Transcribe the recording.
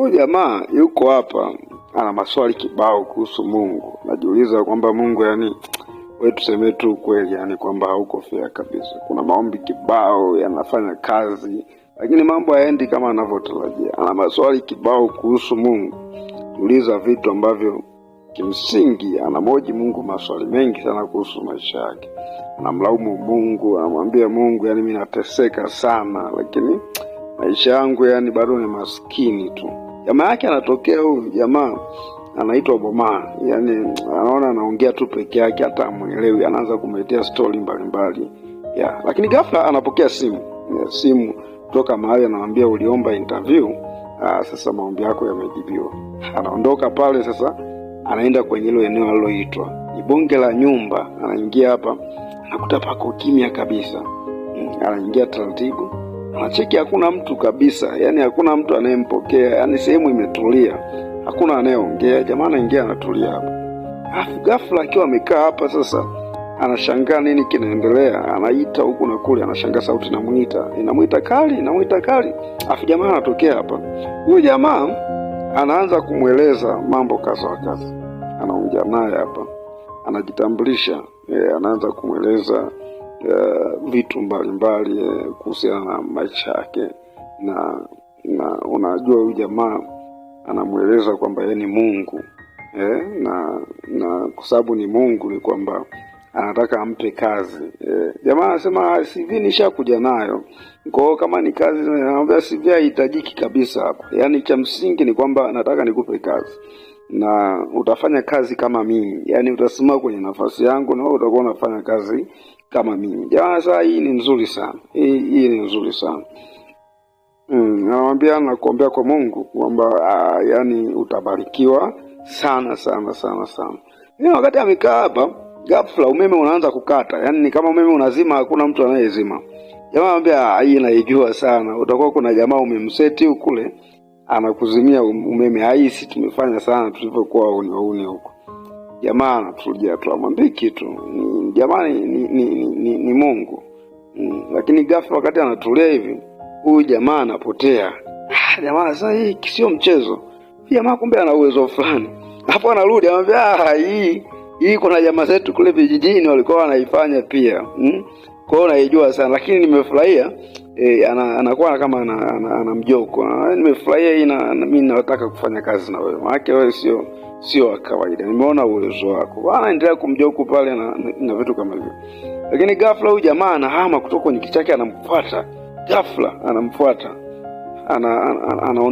Huyu jamaa yuko hapa ana maswali kibao kuhusu Mungu. Najiuliza kwamba Mungu yani, wewe tuseme tu kweli, yani kwamba hauko fea kabisa. Kuna maombi kibao yanafanya kazi, lakini mambo haendi kama anavyotarajia. Ana maswali kibao kuhusu Mungu, tuliza vitu ambavyo kimsingi anamoji Mungu maswali mengi sana kuhusu maisha yake. Anamlaumu Mungu, anamwambia Mungu, yani mimi nateseka sana, lakini maisha yangu yani bado ni maskini tu. Jamaa yake anatokea huyu jamaa anaitwa Boma, yani anaona anaongea tu peke yake, hata amwelewi, anaanza kumletea stori mbalimbali yeah. Lakini ghafla anapokea simu yeah, simu kutoka mahali anamwambia, uliomba interview ah, sasa maombi yako yamejibiwa. Anaondoka pale sasa, anaenda kwenye hilo eneo aliloitwa, ni bonge la nyumba. Anaingia hapa anakuta pako kimya kabisa, hmm, anaingia taratibu Anacheki hakuna mtu kabisa, yaani hakuna mtu anayempokea, yaani sehemu imetulia, hakuna anayeongea. Jamaa anaingia anatulia hapo, alafu ghafla akiwa amekaa hapa sasa, anashangaa nini kinaendelea, anaita huku na kule, anashangaa sauti inamwita, inamwita kali, inamwita kali, afu jamaa anatokea hapa. Huyu jamaa anaanza kumweleza mambo kaza wa kaza, anaongea naye hapa, anajitambulisha, e, anaanza kumweleza Eh, vitu mbalimbali eh, kuhusiana na maisha yake, na na unajua huyu jamaa anamweleza kwamba yeye ni Mungu eh, na na kwa sababu ni Mungu ni kwamba anataka ampe kazi eh. Jamaa anasema ah, CV nishakuja nayo, kwao kama ni kazi, anamwambia sivi haihitajiki kabisa hapa, yaani cha msingi ni kwamba nataka nikupe kazi na utafanya kazi kama mimi, yaani utasimama kwenye nafasi yangu na utakuwa unafanya kazi kama mimi. Jamani, saa hii ni nzuri sana, hii, hii ni nzuri sana mm, namwambia nakuombea kwa Mungu kwamba ah, yani utabarikiwa sana sana sana sana. Mimi yaani wakati amekaa hapa, ghafla umeme unaanza kukata, yani ni kama umeme unazima, hakuna mtu anayezima. Jamaa anambia ah, hii naijua sana, utakuwa kuna jamaa umemseti kule anakuzimia um-, umeme. si tumefanya sana tulivyokuwa uniwauni huko jamaa anaturudia tuamwambiki tu jamaa ni, ni, ni, ni, ni Mungu mm. Lakini ghafla wakati anatulia hivi huyu jamaa anapotea. Ah, jamaa sasa hii sio mchezo. Jamaa kumbe ana uwezo fulani. Hapo anarudi anamwambia ah, hii hii kuna jamaa zetu kule vijijini walikuwa wanaifanya pia mm. Kwa hiyo naijua sana, lakini nimefurahia E, ana, anakuwa kama ana, ana, ana ah, nimefurahia hii na mi nataka kufanya kazi na wewe, maanake wewe sio sio wa kawaida, nimeona uwezo wako. Anaendelea kumjoku pale na, na vitu kama hivyo, lakini gafla huyu jamaa anahama kutoka kwenye kichake, anamfuata gafla anamfuata ana, ana, ana, anaondoka.